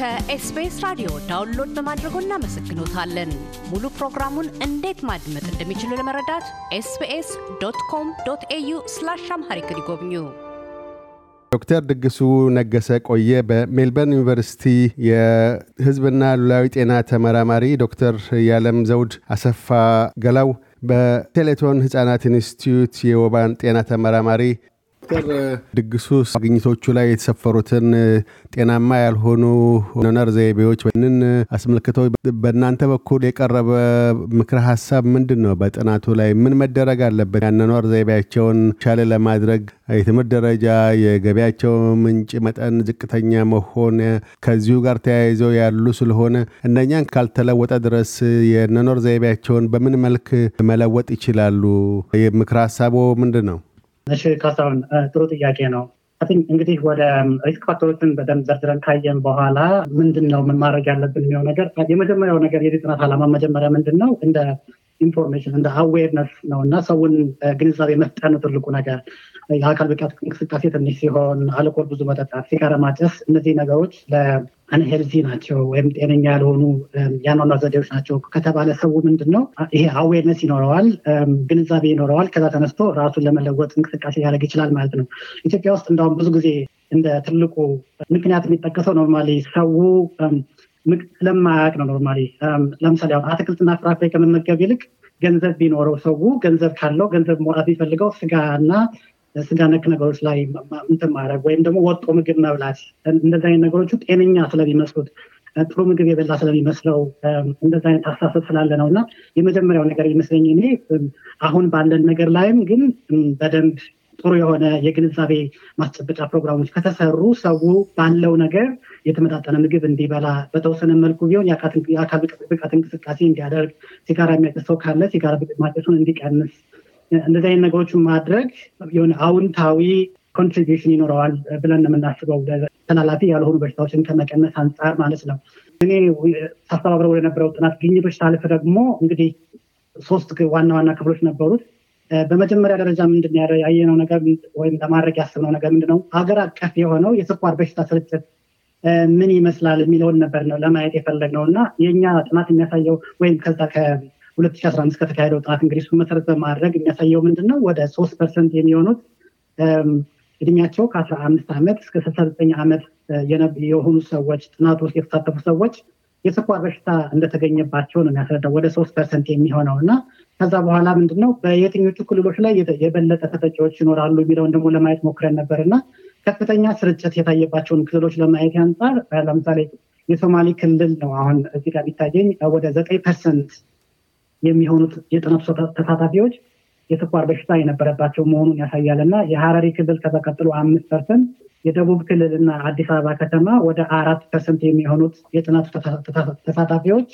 ከኤስቢኤስ ራዲዮ ዳውንሎድ በማድረጎ እናመሰግኖታለን። ሙሉ ፕሮግራሙን እንዴት ማድመጥ እንደሚችሉ ለመረዳት ኤስቢኤስ ዶት ኮም ዶት ኤዩ ስላሽ አምሃሪክ ይጎብኙ። ዶክተር ድግሱ ነገሰ ቆየ በሜልበርን ዩኒቨርሲቲ የህዝብና ሉላዊ ጤና ተመራማሪ፣ ዶክተር የዓለም ዘውድ አሰፋ ገላው በቴሌቶን ህፃናት ኢንስቲትዩት የወባን ጤና ተመራማሪ ዶክተር ድግሱ አግኝቶቹ ላይ የተሰፈሩትን ጤናማ ያልሆኑ ኖነር ዘይቤዎች ንን አስመልክተው በእናንተ በኩል የቀረበ ምክረ ሀሳብ ምንድን ነው? በጥናቱ ላይ ምን መደረግ አለበት? ያነኗር ዘይቤያቸውን ቻለ ለማድረግ የትምህርት ደረጃ፣ የገቢያቸው ምንጭ መጠን ዝቅተኛ መሆን ከዚሁ ጋር ተያይዘው ያሉ ስለሆነ እነኛን ካልተለወጠ ድረስ የነኖር ዘይቤያቸውን በምን መልክ መለወጥ ይችላሉ? ምክረ ሀሳቦ ምንድን ነው? እሺ ካሳሁን ጥሩ ጥያቄ ነው። አን እንግዲህ ወደ ሪስክ ፋክተሮችን በደንብ ዘርዝረን ካየን በኋላ ምንድን ነው ምን ማድረግ ያለብን የሚው ነገር የመጀመሪያው ነገር የዚህ ጥናት ዓላማ መጀመሪያ ምንድን ነው እንደ ኢንፎርሜሽን እንደ አዌርነስ ነው እና ሰውን ግንዛቤ መፍጠር ነው ትልቁ ነገር። የአካል ብቃት እንቅስቃሴ ትንሽ ሲሆን፣ አልኮል ብዙ መጠጣት፣ ሲጋራ ማጨስ፣ እነዚህ ነገሮች ለአንሄልዚ ናቸው ወይም ጤነኛ ያልሆኑ የአኗኗር ዘዴዎች ናቸው ከተባለ ሰው ምንድን ነው ይሄ አዌርነስ ይኖረዋል፣ ግንዛቤ ይኖረዋል። ከዛ ተነስቶ ራሱን ለመለወጥ እንቅስቃሴ ሊያደርግ ይችላል ማለት ነው። ኢትዮጵያ ውስጥ እንደውም ብዙ ጊዜ እንደ ትልቁ ምክንያት የሚጠቀሰው ኖርማሊ ሰው ስለማያውቅ ነው። ኖርማሊ ለምሳሌ አሁን አትክልትና ፍራፍሬ ከመመገብ ይልቅ ገንዘብ ቢኖረው ሰው ገንዘብ ካለው ገንዘብ ሞራት ቢፈልገው ስጋና ስጋ ነክ ነገሮች ላይ እንትን ማድረግ ወይም ደግሞ ወጦ ምግብ መብላት እንደዚ አይነት ነገሮቹ ጤነኛ ስለሚመስሉት ጥሩ ምግብ የበላ ስለሚመስለው እንደዚ አይነት አስተሳሰብ ስላለ ነው እና የመጀመሪያው ነገር ይመስለኝ እኔ አሁን ባለን ነገር ላይም ግን በደንብ ጥሩ የሆነ የግንዛቤ ማስጨበጫ ፕሮግራሞች ከተሰሩ ሰው ባለው ነገር የተመጣጠነ ምግብ እንዲበላ በተወሰነ መልኩ ቢሆን የአካል ብቃት እንቅስቃሴ እንዲያደርግ ሲጋራ የሚያጨስ ሰው ካለ ሲጋራ ማጨሱን እንዲቀንስ እንደዚህ አይነት ነገሮችን ማድረግ የሆነ አውንታዊ ኮንትሪቢሽን ይኖረዋል ብለን የምናስበው ተላላፊ ያልሆኑ በሽታዎችን ከመቀነስ አንጻር ማለት ነው። እኔ ሳስተባብረው ወደነበረው ጥናት ግኝቶች ሳልፍ ደግሞ እንግዲህ ሶስት ዋና ዋና ክፍሎች ነበሩት። በመጀመሪያ ደረጃ ምንድን ያየነው ነገር ወይም ለማድረግ ያስብነው ነገር ነው? አገር አቀፍ የሆነው የስኳር በሽታ ስርጭት ምን ይመስላል የሚለውን ነበር ነው ለማየት የፈለግነው እና የእኛ ጥናት የሚያሳየው ወይም ከዛ 2015 ከተካሄደው ጥናት እንግዲህ እሱን መሰረት በማድረግ የሚያሳየው ምንድን ነው ወደ ሶስት ፐርሰንት የሚሆኑት እድሜያቸው ከ15 ዓመት እስከ 69 ዓመት የሆኑ ሰዎች ጥናት ውስጥ የተሳተፉ ሰዎች የስኳር በሽታ እንደተገኘባቸው ነው የሚያስረዳው ወደ ሶስት ፐርሰንት የሚሆነው እና ከዛ በኋላ ምንድነው በየትኞቹ ክልሎች ላይ የበለጠ ተጠቂዎች ይኖራሉ የሚለውን ደግሞ ለማየት ሞክረን ነበር እና ከፍተኛ ስርጭት የታየባቸውን ክልሎች ለማየት ያንጻር ለምሳሌ የሶማሌ ክልል ነው አሁን እዚህ ጋር ቢታየኝ ወደ ዘጠኝ ፐርሰንት የሚሆኑት የጥናቱ ተሳታፊዎች የስኳር በሽታ የነበረባቸው መሆኑን ያሳያል እና የሀረሪ ክልል ከተቀጥሎ አምስት ፐርሰንት የደቡብ ክልል እና አዲስ አበባ ከተማ ወደ አራት ፐርሰንት የሚሆኑት የጥናቱ ተሳታፊዎች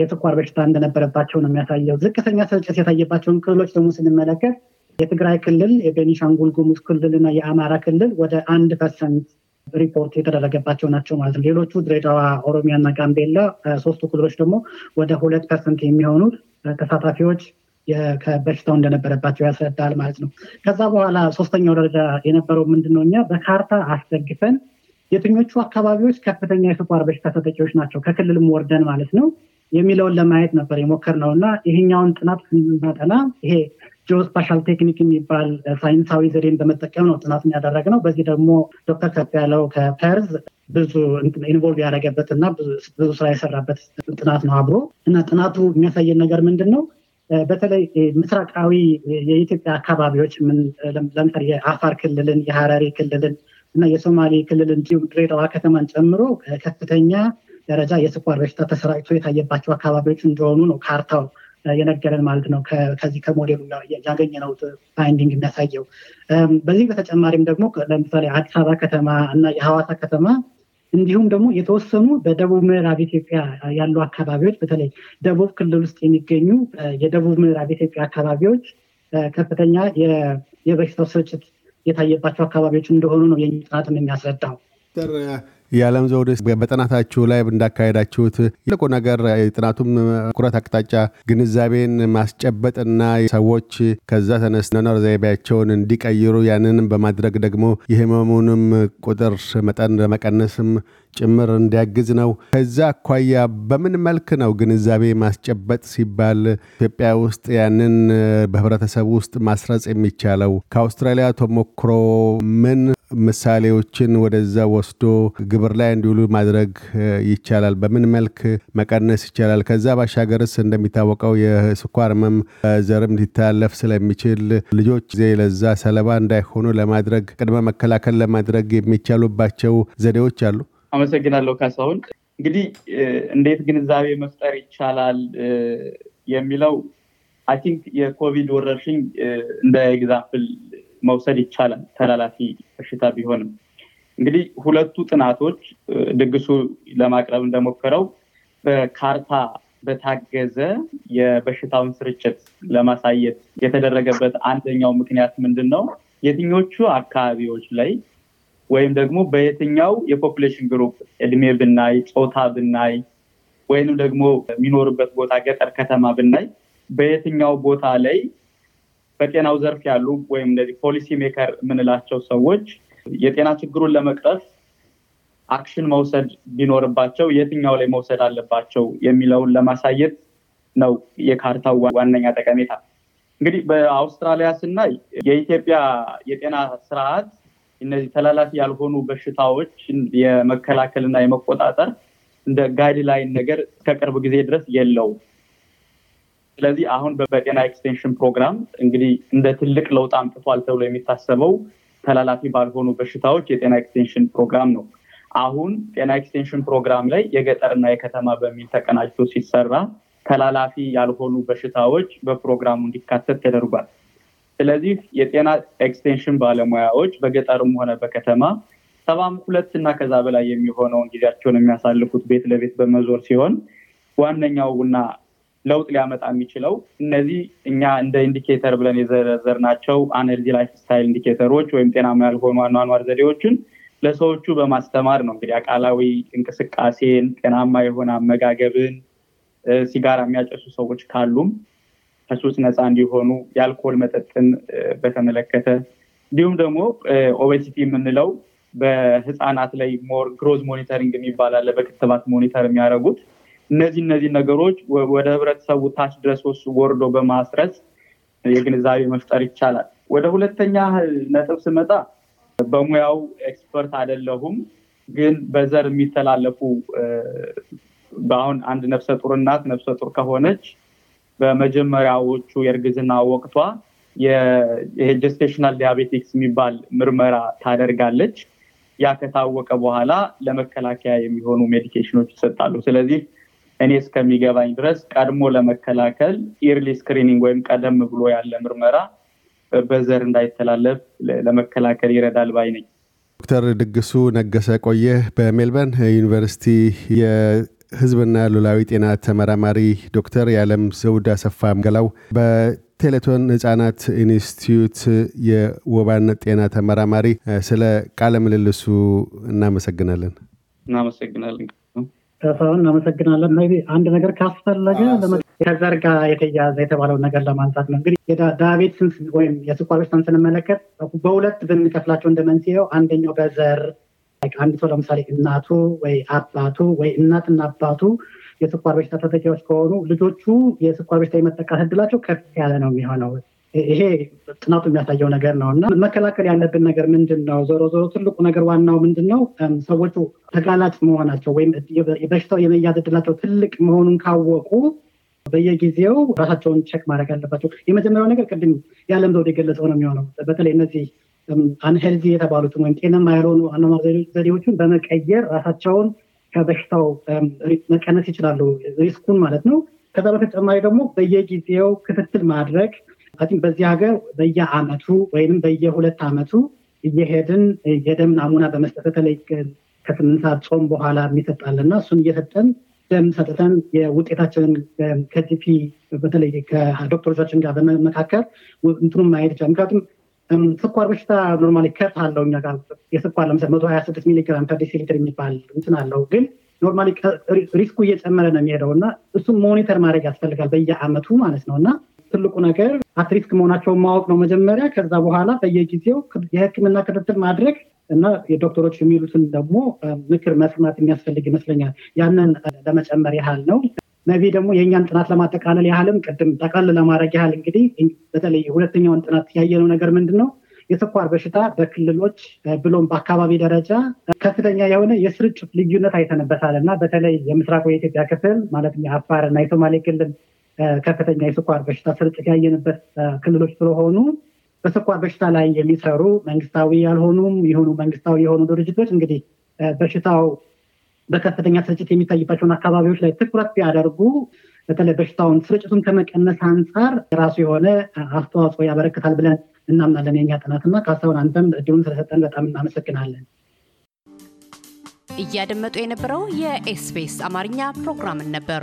የስኳር በሽታ እንደነበረባቸው ነው የሚያሳየው። ዝቅተኛ ስርጭት የታየባቸውን ክልሎች ደግሞ ስንመለከት የትግራይ ክልል፣ የቤኒሻንጉል ጉሙዝ ክልል እና የአማራ ክልል ወደ አንድ ፐርሰንት ሪፖርት የተደረገባቸው ናቸው ማለት ነው። ሌሎቹ ድሬዳዋ፣ ኦሮሚያና ጋምቤላ ሶስቱ ክልሎች ደግሞ ወደ ሁለት ፐርሰንት የሚሆኑት ተሳታፊዎች በሽታው እንደነበረባቸው ያስረዳል ማለት ነው። ከዛ በኋላ ሶስተኛው ደረጃ የነበረው ምንድነው? እኛ በካርታ አስደግፈን የትኞቹ አካባቢዎች ከፍተኛ የስኳር በሽታ ተጠቂዎች ናቸው ከክልልም ወርደን ማለት ነው የሚለውን ለማየት ነበር የሞከርነው እና ይሄኛውን ጥናት ስናጠና ይሄ ጂኦስፓሻል ቴክኒክ የሚባል ሳይንሳዊ ዘዴን በመጠቀም ነው ጥናቱን ነው በዚህ ደግሞ ዶክተር ከፍ ያለው ከፐርዝ ብዙ ኢንቮልቭ ያደረገበትና ብዙ ስራ የሰራበት ጥናት ነው አብሮ እና ጥናቱ የሚያሳየን ነገር ምንድን ነው? በተለይ ምስራቃዊ የኢትዮጵያ አካባቢዎች ለምሳሌ የአፋር ክልልን፣ የሀረሪ ክልልን እና የሶማሌ ክልል እንዲሁም ድሬዳዋ ከተማን ጨምሮ ከፍተኛ ደረጃ የስኳር በሽታ ተሰራጭቶ የታየባቸው አካባቢዎች እንደሆኑ ነው ካርታው የነገረን ማለት ነው ከዚህ ከሞዴሉ ያገኘነው ፋይንዲንግ የሚያሳየው። በዚህ በተጨማሪም ደግሞ ለምሳሌ አዲስ አበባ ከተማ እና የሐዋሳ ከተማ እንዲሁም ደግሞ የተወሰኑ በደቡብ ምዕራብ ኢትዮጵያ ያሉ አካባቢዎች በተለይ ደቡብ ክልል ውስጥ የሚገኙ የደቡብ ምዕራብ ኢትዮጵያ አካባቢዎች ከፍተኛ የበሽታው ስርጭት የታየባቸው አካባቢዎች እንደሆኑ ነው የኛ የሚያስረዳው። የዓለም ዘውድ በጥናታችሁ ላይ እንዳካሄዳችሁት ትልቁ ነገር የጥናቱም ኩረት አቅጣጫ ግንዛቤን ማስጨበጥና ሰዎች ከዛ ተነስ መኖር ዘይቤያቸውን እንዲቀይሩ ያንንም በማድረግ ደግሞ የህመሙንም ቁጥር መጠን ለመቀነስም ጭምር እንዲያግዝ ነው። ከዛ አኳያ በምን መልክ ነው ግንዛቤ ማስጨበጥ ሲባል ኢትዮጵያ ውስጥ ያንን በህብረተሰብ ውስጥ ማስረጽ የሚቻለው? ከአውስትራሊያ ተሞክሮ ምን ምሳሌዎችን ወደዛ ወስዶ ግብር ላይ እንዲውሉ ማድረግ ይቻላል? በምን መልክ መቀነስ ይቻላል? ከዛ ባሻገርስ እንደሚታወቀው የስኳር ህመም ዘርም ሊተላለፍ ስለሚችል ልጆች ዜ ለዛ ሰለባ እንዳይሆኑ ለማድረግ ቅድመ መከላከል ለማድረግ የሚቻሉባቸው ዘዴዎች አሉ? አመሰግናለሁ ካሳሁን። እንግዲህ እንዴት ግንዛቤ መፍጠር ይቻላል የሚለው አይ ቲንክ የኮቪድ ወረርሽኝ እንደ ኤግዛምፕል መውሰድ ይቻላል ተላላፊ በሽታ ቢሆንም እንግዲህ ሁለቱ ጥናቶች ድግሱ ለማቅረብ እንደሞከረው በካርታ በታገዘ የበሽታውን ስርጭት ለማሳየት የተደረገበት አንደኛው ምክንያት ምንድን ነው? የትኞቹ አካባቢዎች ላይ ወይም ደግሞ በየትኛው የፖፕሌሽን ግሩፕ እድሜ ብናይ፣ ጾታ ብናይ፣ ወይም ደግሞ የሚኖርበት ቦታ ገጠር፣ ከተማ ብናይ በየትኛው ቦታ ላይ በጤናው ዘርፍ ያሉ ወይም እንደዚህ ፖሊሲ ሜከር የምንላቸው ሰዎች የጤና ችግሩን ለመቅረፍ አክሽን መውሰድ ቢኖርባቸው የትኛው ላይ መውሰድ አለባቸው የሚለውን ለማሳየት ነው የካርታው ዋነኛ ጠቀሜታ። እንግዲህ በአውስትራሊያ ስናይ የኢትዮጵያ የጤና ስርዓት እነዚህ ተላላፊ ያልሆኑ በሽታዎች የመከላከልና የመቆጣጠር እንደ ጋይድላይን ነገር ከቅርብ ጊዜ ድረስ የለውም። ስለዚህ አሁን በጤና ኤክስቴንሽን ፕሮግራም እንግዲህ እንደ ትልቅ ለውጥ አምጥቷል ተብሎ የሚታሰበው ተላላፊ ባልሆኑ በሽታዎች የጤና ኤክስቴንሽን ፕሮግራም ነው። አሁን ጤና ኤክስቴንሽን ፕሮግራም ላይ የገጠርና የከተማ በሚል ተቀናጅቶ ሲሰራ ተላላፊ ያልሆኑ በሽታዎች በፕሮግራሙ እንዲካተት ተደርጓል። ስለዚህ የጤና ኤክስቴንሽን ባለሙያዎች በገጠርም ሆነ በከተማ ሰባም ሁለት እና ከዛ በላይ የሚሆነውን ጊዜያቸውን የሚያሳልፉት ቤት ለቤት በመዞር ሲሆን ዋነኛውና ለውጥ ሊያመጣ የሚችለው እነዚህ እኛ እንደ ኢንዲኬተር ብለን ናቸው አነርጂ ላይፍ ስታይል ኢንዲኬተሮች ወይም ጤናማ ያልሆኑ አኗኗር ዘዴዎችን ለሰዎቹ በማስተማር ነው። እንግዲህ አቃላዊ እንቅስቃሴን፣ ጤናማ የሆነ አመጋገብን፣ ሲጋራ የሚያጨሱ ሰዎች ካሉም ከሱስ ነፃ እንዲሆኑ የአልኮል መጠጥን በተመለከተ እንዲሁም ደግሞ ኦቤሲቲ የምንለው በህፃናት ላይ ሞር ግሮዝ ሞኒተሪንግ የሚባላለ በክትባት ሞኒተር የሚያደረጉት እነዚህ እነዚህ ነገሮች ወደ ህብረተሰቡ ታች ድረስ ወርዶ በማስረጽ የግንዛቤ መፍጠር ይቻላል ወደ ሁለተኛ ነጥብ ስመጣ በሙያው ኤክስፐርት አይደለሁም ግን በዘር የሚተላለፉ በአሁን አንድ ነፍሰ ጡር እናት ነፍሰ ጡር ከሆነች በመጀመሪያዎቹ የእርግዝና ወቅቷ የጀስቴሽናል ዲያቤቲክስ የሚባል ምርመራ ታደርጋለች። ያ ከታወቀ በኋላ ለመከላከያ የሚሆኑ ሜዲኬሽኖች ይሰጣሉ። ስለዚህ እኔ እስከሚገባኝ ድረስ ቀድሞ ለመከላከል ኢርሊ ስክሪኒንግ ወይም ቀደም ብሎ ያለ ምርመራ በዘር እንዳይተላለፍ ለመከላከል ይረዳል ባይ ነኝ። ዶክተር ድግሱ ነገሰ ቆየ በሜልበርን ዩኒቨርሲቲ ህዝብና ሉላዊ ጤና ተመራማሪ ዶክተር የዓለም ዘውድ አሰፋ ገላው በቴሌቶን ህጻናት ኢንስቲትዩት የወባን ጤና ተመራማሪ፣ ስለ ቃለ ምልልሱ እናመሰግናለን። እናመሰግናለን። ሰውን እናመሰግናለን። አንድ ነገር ካስፈለገ ከዘር ጋር የተያያዘ የተባለውን ነገር ለማንሳት ነው። እንግዲህ የዳያቤትስን ወይም የስኳር በሽታን ስንመለከት በሁለት ብንከፍላቸው እንደ አንደኛው በዘር አንድ ሰው ለምሳሌ እናቱ ወይ አባቱ ወይ እናትና አባቱ የስኳር በሽታ ተጠቂዎች ከሆኑ ልጆቹ የስኳር በሽታ የመጠቃት እድላቸው ከፍ ያለ ነው የሚሆነው። ይሄ ጥናቱ የሚያሳየው ነገር ነው እና መከላከል ያለብን ነገር ምንድን ነው? ዞሮ ዞሮ ትልቁ ነገር ዋናው ምንድን ነው? ሰዎቹ ተጋላጭ መሆናቸው ወይም በሽታው የመያዝ እድላቸው ትልቅ መሆኑን ካወቁ በየጊዜው ራሳቸውን ቸክ ማድረግ አለባቸው። የመጀመሪያው ነገር ቅድም ያለም ዘውድ የገለጸው ነው የሚሆነው በተለይ እነዚህ አንሄልዚ የተባሉትን ወይም ጤናማ ያልሆኑ አኗኗር ዘዴዎችን በመቀየር ራሳቸውን ከበሽታው um, መቀነስ ይችላሉ፣ ሪስኩን ማለት ነው። ከዛ በተጨማሪ ደግሞ በየጊዜው ክትትል ማድረግ በዚህ ሀገር በየአመቱ ወይም በየሁለት አመቱ እየሄድን የደም ናሙና በመስጠት በተለይ ከስምንት ሰዓት ጾም በኋላ የሚሰጣል እና እሱን እየሰጠን ደም ሰጥተን የውጤታችንን ከጂፒ በተለይ ከዶክተሮቻችን ጋር በመካከል እንትኑ ማየት ይቻል ምክንያቱም ስኳር በሽታ ኖርማሊ ከፍ አለው እኛ ጋር የስኳር ለምሳሌ መቶ ሀያ ስድስት ሚሊግራም ፐር የሚባል እንትን አለው ግን ኖርማሊ ሪስኩ እየጨመረ ነው የሚሄደው እና እሱም ሞኒተር ማድረግ ያስፈልጋል በየአመቱ ማለት ነው እና ትልቁ ነገር አትሪስክ መሆናቸውን ማወቅ ነው መጀመሪያ ከዛ በኋላ በየጊዜው የህክምና ክትትል ማድረግ እና የዶክተሮች የሚሉትን ደግሞ ምክር መስማት የሚያስፈልግ ይመስለኛል ያንን ለመጨመር ያህል ነው ነቪ ደግሞ የእኛን ጥናት ለማጠቃለል ያህልም ቅድም ጠቅለል ለማድረግ ያህል እንግዲህ በተለይ ሁለተኛውን ጥናት ያየነው ነገር ምንድን ነው? የስኳር በሽታ በክልሎች ብሎም በአካባቢ ደረጃ ከፍተኛ የሆነ የስርጭት ልዩነት አይተንበታል እና በተለይ የምስራቁ የኢትዮጵያ ክፍል ማለት የአፋር እና የሶማሌ ክልል ከፍተኛ የስኳር በሽታ ስርጭት ያየንበት ክልሎች ስለሆኑ በስኳር በሽታ ላይ የሚሰሩ መንግስታዊ ያልሆኑም ይሁኑ መንግስታዊ የሆኑ ድርጅቶች እንግዲህ በሽታው በከፍተኛ ስርጭት የሚታይባቸውን አካባቢዎች ላይ ትኩረት ቢያደርጉ በተለይ በሽታውን ስርጭቱን ከመቀነስ አንጻር የራሱ የሆነ አስተዋጽኦ ያበረክታል ብለን እናምናለን። የኛ ጥናትና ካሳሁን፣ አንተም እድሉን ስለሰጠን በጣም እናመሰግናለን። እያደመጡ የነበረው የኤስቢኤስ አማርኛ ፕሮግራምን ነበር።